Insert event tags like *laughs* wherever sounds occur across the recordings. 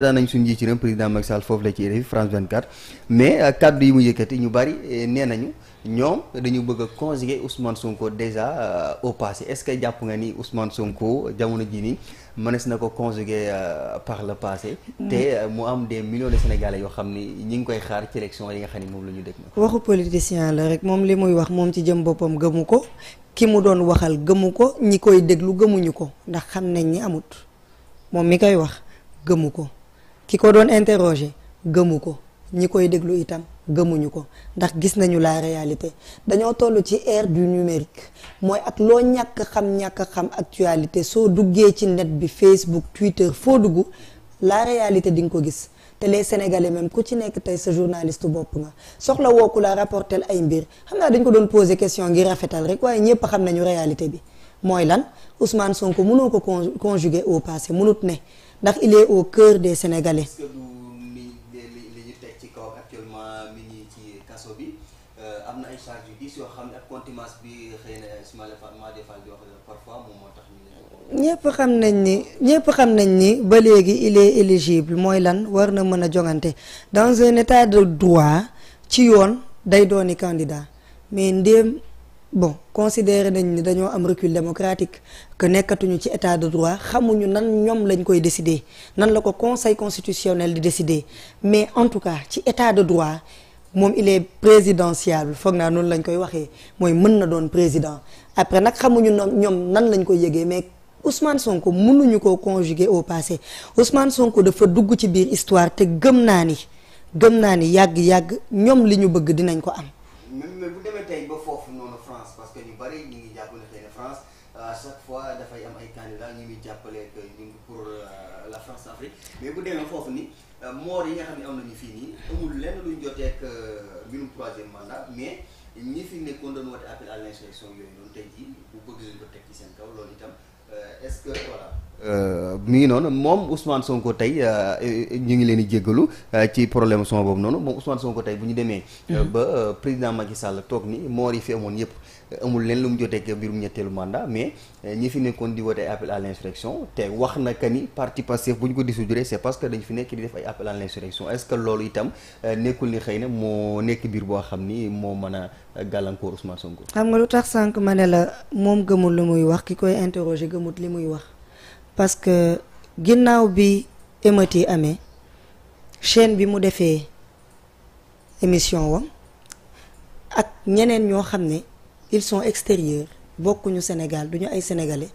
daan nañ suñu njiit ci réew président Macky Sall foofu la ci RFI France 24 mais euh, kaddu yi mu yëkkati ñu bari euh, nee ñu ñoom dañu bëgg a conjuguer Ousmane Sonko déjà euh, au passé est-ce que jàpp nga ni Ousmane Sonko jamono jii nii mënees na ko conjuguer par la passé. Mm. te mu am des millions de Sénégalais yoo xam ni ñi ngi koy xaar ci élection yi nga xam ni moom la ñu dégg. waxu politicien la rek moom li muy wax moom ci jëm boppam gëmu ko ki mu doon waxal gëmu ko ñi koy déglu gëmuñu ko ndax xam nañ ni amut moom mi koy wax gëmu ko. ki ko doon interroger gëmu ko ñi koy déglu itam gëmuñu ko ndax gis nañu la réalité dañoo toll ci ère du numérique mooy ak loo ñàkk xam ñàkk xam actualité soo duggee ci net bi Facebook Twitter foo dugg la réalité di nga ko gis te les sénégalais même ku ci nekk tey sa journaliste bopp nga soxla woo ku la rapporter ay mbir xam naa dañ ko doon poser question ngir rafetal rek waaye ñëpp xam nañu réalité bi mooy lan Ousmane Sonko mënoo ko conjuguer au passé mënut ne. ndax il au cœur des Sénégalais. ci kaw actuellement mi ngi ci kaso bi euh, am xam ne bi xëy na ñëpp xam nañ ni ñëpp xam nañ ni ba léegi il est éligible mooy lan war na mën a jongante dans un état de droit ci yoon day dooni candidat mais ndéem. bon considéré nañ ni dañoo am recul démocratique que nekkatuñu ci état de droit xamuñu nan ñoom lañ koy décider nan la ko conseil constitutionnel di décider mais en tout cas ci état de droit moom il est présidentiable foog naa noonu lañ koy waxee mooy mën na doon président après nag xamuñu ñoom nan lañ koy yëgee mais Ousmane Sonko mënuñu ko conjuguer au passé Ousmane Sonko dafa dugg ci biir histoire te gëm naa ni gëm naa ni yàgg-yàgg ñoom li ñu bëgg dinañ ko am. que ñu bëri euh, ñu ngi jàppale xëy na ay candidats ñu muy ngi pour euh, la France Afrique mais bu demee ni euh, moor yi fii nii amul lenn luñ fi nekkoon doon yooyu noonu tey jii bu bëgg luñ ko ce que ngi noonu moom Ousmane Sonko tey ñu ngi leen di jéggalu ci problème son boobu noonu moom Ousmane Sonko tey bu ñu demee. Mm-hmm. ba président Macky toog ni moor yi fi amoon yëpp. amul leen lu mu jotee ak mbirum ñetteelu mandat mais euh, ñi fi nekkoon di wote ay appel à l'insurrection te wax na que ni parti Pastef bu ñu ko di dissoudre c'est parce que dañu fi nekk di def ay appel à l'insurrection est-ce que loolu itam euh, nekkul ni xëy na moo nekk biir boo xam ni moo mën a gàllankoor Ousmane Sonko. xam nga lu tax sànq ma ne la moom gëmul lu muy wax ki koy interroger gëmut li muy wax parce que ginnaaw bi émeute yi amee chaîne bi mu defee émission wam ak ñeneen ñoo xam ne ils sont extérieurs bokkuñu Sénégal du ñu ay sénégalais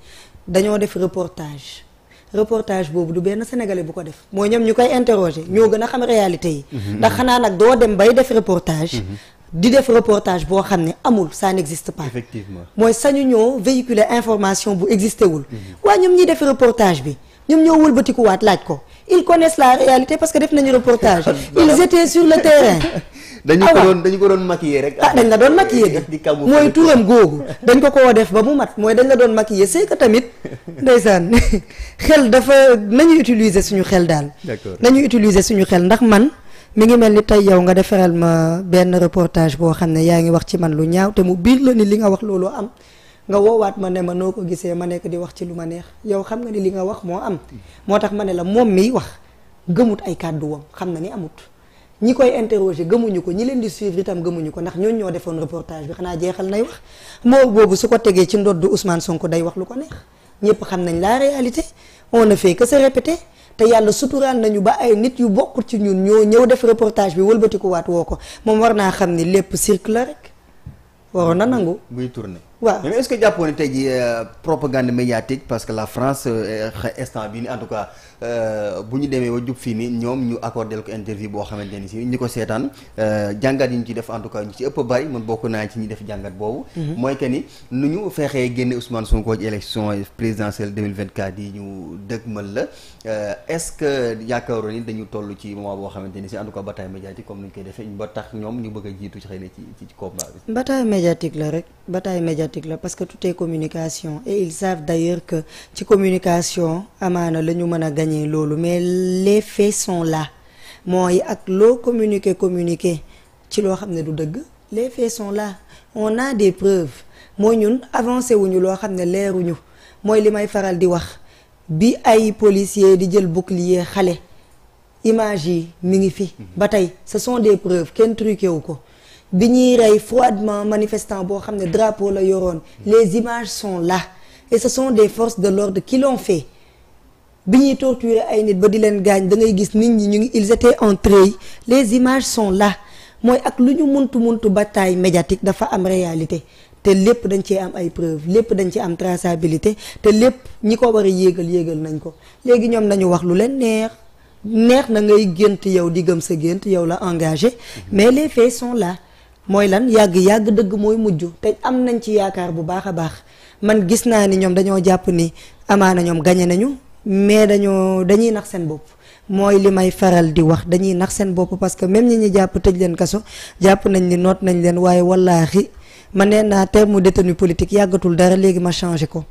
dañoo def reportage reportage boobu du benn sénégalais bu ko def mooy ñoom ñu koy interroger ñoo gën a xam réalité yi. Mhm. ndax xanaa nag doo dem bay def reportage. Mhm. di def reportage boo xam ne amul ça n'existe pas. mooy sañu ñoo véhiculer information bu existé wul. Mhm. waa ñoom ñiy def reportage bi. ñoom ñoo wëlbatikuwaat laaj ko ils connaissent la réalité parce que def nañu reportage *laughs* ils étaient sur le terrain *laughs* dañu ko ah doon dañu ko doon maquiller rek ah dañ la doon maquiller *laughs* di mooy turam googu dañ ko koo def ba mu mat mooy dañ la doon maquiller c'est que tamit ndeysaan xel dafa nañu utiliser suñu xel daal nañu utiliser suñu xel ndax man mi ngi mel ni tey yow nga defaral ma benn reportage boo xam ne yaa ngi wax ci man lu ñaaw te mu biir la ni li nga wax loolu am nga woowaat ma ne ma noo ko gisee ma nekk di wax ci lu ma neex yow xam nga ni li nga wax moo am moo tax ma ne la moom mii wax gëmut ay kàddu kàdduwam xam na ni amut ñi koy interroger gëmuñu ko ñi leen di suivre itam gëmuñu ko ndax ñooñ ñoo defoon reportage bi xanaa jeexal nay wax moo boobu su ko tegee ci ndodd Ousmane Sonko day wax lu ko neex ñëpp xam nañ la réalité on na fait que se te yàlla suturaal nañu ba ay nit yu bokkul ci ñun ñoo ñëw def reportage bi wëlbatikuwaat woo ko moom war naa xam ni lépp cirque la rek waroon na nangu. buy tourner. waaw mais est-ce que jàppoon ne tey jii euh, propagande médiatique parce que la France euh, instant bi ni en tout cas. Euh, bu ñu demee ba jub fii nii ñoom ñu accordé ko interview boo xamante ni si ñi ko seetaan euh, jàngat yi ñu def en tout ñu def jàngat boobu. Mhm. mooy que nu ñu fexee génne Ousmane Sonko ci présidentielle yi ñu dëgmal la euh, est-ce dañu toll ci moment boo xamante ni comme ni ñu koy defee ba tax ñoom ñu bëgg a jiitu ci xëy na ci communication et ils savent d'ailleurs que ci communication amaana la mën a gagner bañee loolu mais les faits sont là mooy ak loo communiquer communiquer ci loo xam ne du dëgg les faits sont là on a des preuves mooy ñun avancé wuñu loo xam ne leeruñu mooy li may faral di wax bi ay policiers di jël bouclier xale image yi mu ngi fi. Mhm. ba tey ce sont des preuves kenn truqué wu ko. bi ñuy rey froidement manifestant boo xam ne drapeau la yoroon mhm. les images sont la et ce son des forces de l'ordre qui l'ont fait bi ñuy torturer ay nit ba di leen gaañ da ngay gis nit ñi ñu ngi ils étaient en les images sont là mooy ak lu ñu muntu muntu bataille médiatique dafa am réalité te lépp dañ cee am ay preuve lépp dañ ci am traçabilité te lépp ñi ko war a yéegal yéegal nañ ko léegi ñoom nañu wax lu leen neex neex na ngay gént yow di gëm sa gént yow la engagé mhm. mais les faits sont là mooy lan yàgg-yàgg dëgg mooy mujj te am nañ ci yaakaar bu baax a baax man gis naa ni ñoom dañoo jàpp ni amaana ñoom gañe nañu mais dañoo dañuy nax seen bopp mooy li may faral di wax dañuy nax seen bopp parce que même ñi ñu jàpp tëj leen kaso jàpp nañ ni noot nañ leen waaye wallaahi ma nee naa terme détenu politique yàggatul dara léegi ma changé ko.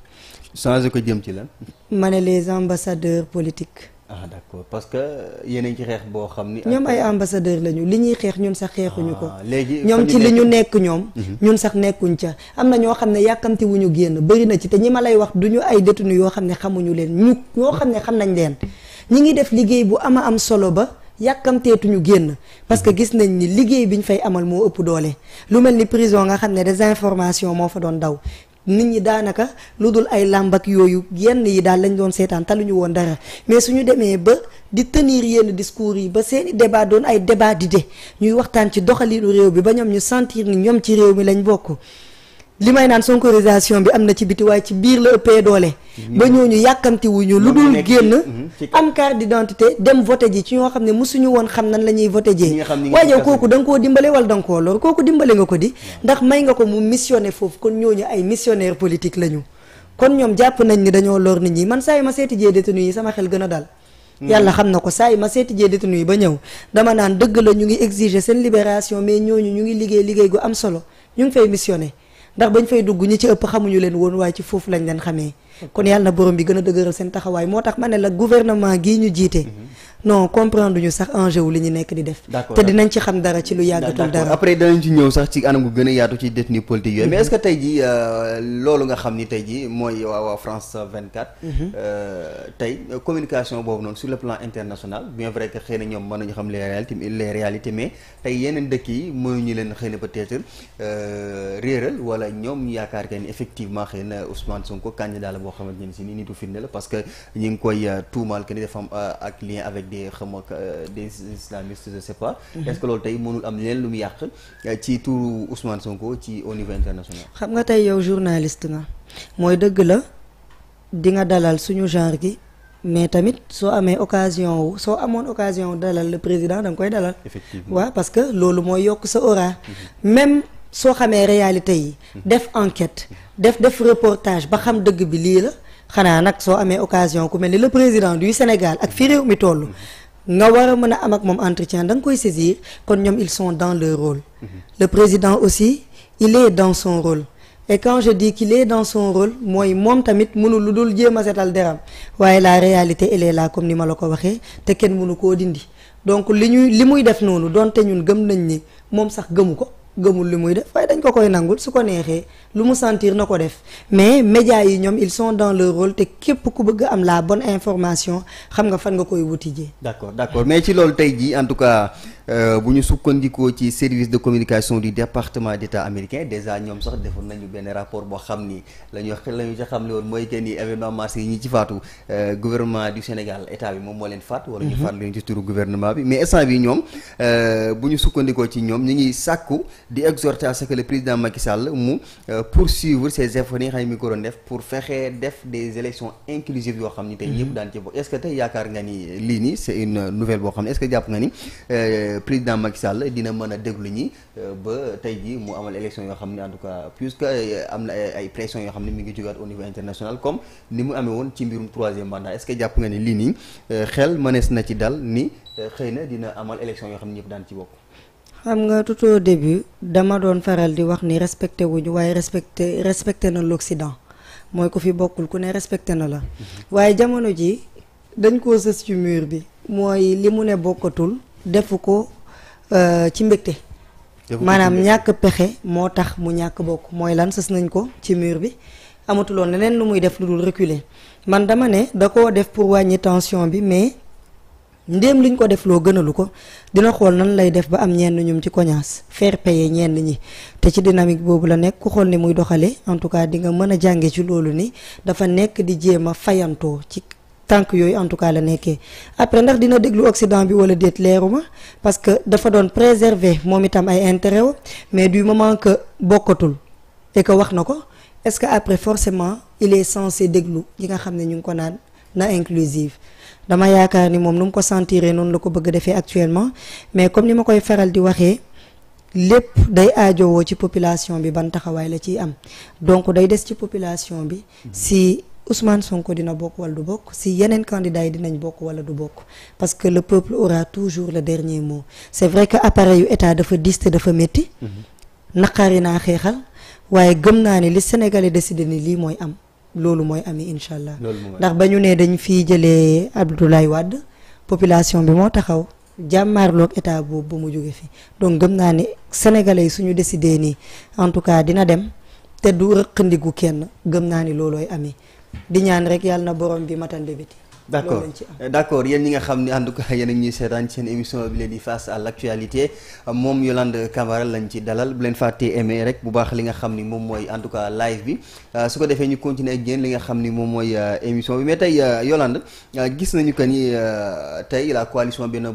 changé ko jëm ci lan. ma ne les ambassadeurs politiques. ah d'accord parce que yéen a ci xeex boo xam ni. ñoom ay ambassadeur lañu li ñuy xeex ñun sax xeexuñu ah, ko. léegi ñoom ci li ñu nekk ñoom. Mhm. ñun sax nekkuñ ca am na ñoo xam ne yàkkamti génn bëri na ci te ñi ma lay wax du ñu ay détenu yoo xam ne xamuñu leen ñu ñoo xam ne xam nañ leen ñi ngi def liggéey bu ama am solo ba. yàkkamteetuñu génn parce que mhm. gis nañ ni liggéey bi ñu fay amal moo ëpp doole lu mel ni prison nga xam ne désinformation moo fa doon daw nit ñi daanaka lu dul ay làmb yooyu yenn yi daal lañ doon seetaan taluñu woon dara mais su ñu demee ba di tenir yenn discours yi ba seeni débat doon ay débat d'idées ñuy waxtaan ci doxalinu réew bi ba ñoom ñu sentir ni ñoom ci réew mi lañ bokk li may naan sonkorisation bi am na ci biti waaye ci biir la ëppee doole. Mhm. ba ñooñu yàkkamti wuñu lu dul génn mhm, am carte d'identité dem voté ji ci ñoo xam ne musuñu woon xam nan la ñuy voté jee waaye kooku da nga koo dimbale wala da nga koo lor kooku dimbale nga ko di ndax may nga ko mu missionné foofu kon ñooñu ay missionnaire politique la ñu kon ñoom jàpp nañ ni dañoo lor nit ñi man saa yu ma seeti jee détenu yi sama xel gën a dal mhm. yàlla xam na ko saa yi ma seeti jee détenu yi ba ñëw dama naan dëgg la ñu ngi exiger seen libération mais ñooñu ñu ngi liggéey liggéey gu am solo ñu ngi fay missionné ndax bañ fay dugg ñi ci ëpp xamuñu leen woon waaye ci foofu lañ leen xamee kon yàlla na borom bi gën a dëgëral seen taxawaay moo tax ma ne la gouvernement gii ñu jiite mhm. non comprendre ñu sax enjeu wu li ñu nekk di def. d'accord te dinañ ci xam dara ci lu yàggatul dara. après danañ ci ñëw sax ci anam gu gën a yaatu ci détenu politique yooyu. Mm-hmm. mais est tey euh, ni tey jii mooy waa waa France 24. Mm-hmm. Euh, tey communication boobu noonu sur le plan international bien vrai que xëy na ñoom mënuñu xam les yi euh, réeral wala ñoom ñu yaakaar que ni effectivement xëy na Ousmane Sonko candidat la boo xamante ne si ni nitu firnde la parce que ñu ngi koy tuumaal que ni dafa ak lien avec. des xam ak euh, des islamistes je sais pas. Mhm. est-ce que loolu tey mënul am leen lu yàq euh, ci turu Ousmane Sonko ci au niveau international. xam nga tey yow journaliste nga mooy dëgg la di nga dalal suñu genre gi mais tamit soo amee occasion wu soo amoon occasion wu dalal le président da nga koy dalal. effectivement parce que loolu mooy yokk sa aura. Mhm. même soo xamee réalité yi. Mhm. def enquête def def reportage ba xam dëgg bi lii la. xanaa nag soo amee occasion ku mel ni le président du Sénégal ak fi réew mi toll nga war a mën a am ak moom entretien da nga koy saisir kon ñoom ils son dans le rôle mhm. le président aussi il est dans son rôle et quand je dis qu'il dans son rôle mooy moom tamit mënul lu dul jéem a setal deram waaye la réalité elle est comme ni ma la ko waxee te kenn mënu koo dindi donc li ñuy li muy def noonu donte ñun gëm nañ ni moom sax gëmu ko gëmul li muy def waaye dañ ko koy nangul su ko neexee lu mu sentir na ko def mais médias yi ñoom ils sont dans leur rôle te képp ku bëgg am la bonne information xam nga fan nga koy wuti ji. d'accord d'accord mais ci loolu tey jii en tout cas euh, bu ñu sukkandikoo ci service de communication du département d'État américain déjà ñoom sax defoon nañu benn rapport boo xam ni la ñu la ñu xam ne woon mooy que ni événement mars yi ñi ci faatu euh, gouvernement du Sénégal état bi moom moo leen faat. Mhm. wala ñu faat leen ci turu gouvernement bi mais instant bi ñoom euh, bu ñu sukkandikoo ci ñoom ñu sàkku. di exhorter à ce président Macky Sall mu euh, poursuivre ses efforts yi def pour fexe def des élections inclusives yoo xam ni tey ñëpp mhm. daan ci bokk est ce que tey yaakaar nga ni lii nii c' une nouvelle boo xam ne est ce que jàpp nga ni euh, dina mën a déglu ñi euh, ba tey jii mu amal élection yoo xam ne en tout cas puisque am na ay pression yoo xam ne mu ngi jógaat au niveau international comme ni mu amee woon ci mbirum troisième mandat est ce que jàpp nga ni lii nii xel mënees na ci dal ni xëy na dina amal élection yoo xam ne ñëpp ci bokk xam nga tout au début dama doon faral di wax ni respecté wuñu waaye respecté respecté na l'Occident mooy ko fi bokkul ku ne respecté na la mhm. waaye jamono ji dañ koo sës ci mur bi mooy li mu ne bokkatul defu ko euh, ci mbégte maanaam ñàkk pexe moo tax mu ñàkk bokk mooy lan sës nañ ko ci mur bi amatuloon leneen lu muy def lu dul reculer man dama ne da koo def pour wàññi tension bi mais ndéem liñ ko def loo gënalu ko dina xool nan lay def ba am ñenn ñum ci koñaas faire payer ñenn ñi te ci dynamique boobu la nekk ku xool ni muy doxalee en tout cas di nga mën a jànge ci loolu ni dafa nekk di jéem a fayantoo ci tànk yooyu en tout cas la nekkee après ndax dina déglu Occident bi wala déet leeruma parce que dafa doon préserver moom itam ay intérêt mais du moment que bokkatul et wax na ko est-ce que après forcément il est censé déglu yi nga xam ne ñu ngi ko naan na inclusive dama yaakaar ni moom nu mu ko sentiree noonu la ko bëgg defee actuellement mais comme ni ma koy faral di waxee lépp day aajowoo ci population bi ban taxawaay la ciy am donc day des ci population bi si Ousmane Sonko dina bokk wala du bokk si yeneen candidats yi dinañ bokk wala du bokk parce que le peuple aura toujours le dernier mot c'est vrai que appareil yu état dafa dis te dafa métti mhm. naqari naa xeexal waaye gëm naa ne li Sénégalais décidé ni lii mooy am loolu mooy amee incha allah ndax ba ñu ne dañ fii jëlee Abdoulaye wàdd population bi moo taxaw jàmmaarloog état boobu ba mu jóge fi donc gëm naa ni sénégalais yi suñu décidé nii en tout cas dina dem te du rëqandiku kenn gëm naa ni loolooy amee di ñaan rek yàlla na borom bi matal mbébét d' accord d' yéen ñi nga xam ne en tout cas yéen a ñuy seetaan seen émission bi leen di face à l' actualité moom Yolande Camara lañ ci dalal bu leen fàttee aimé rek bu baax li nga xam ni moom mooy en tout cas live bi euh, su ko defee ñu continuer ak li nga xam ni moom mooy euh, émission bi mais tey euh, Yolande gis nañu que ni tey la coalition benn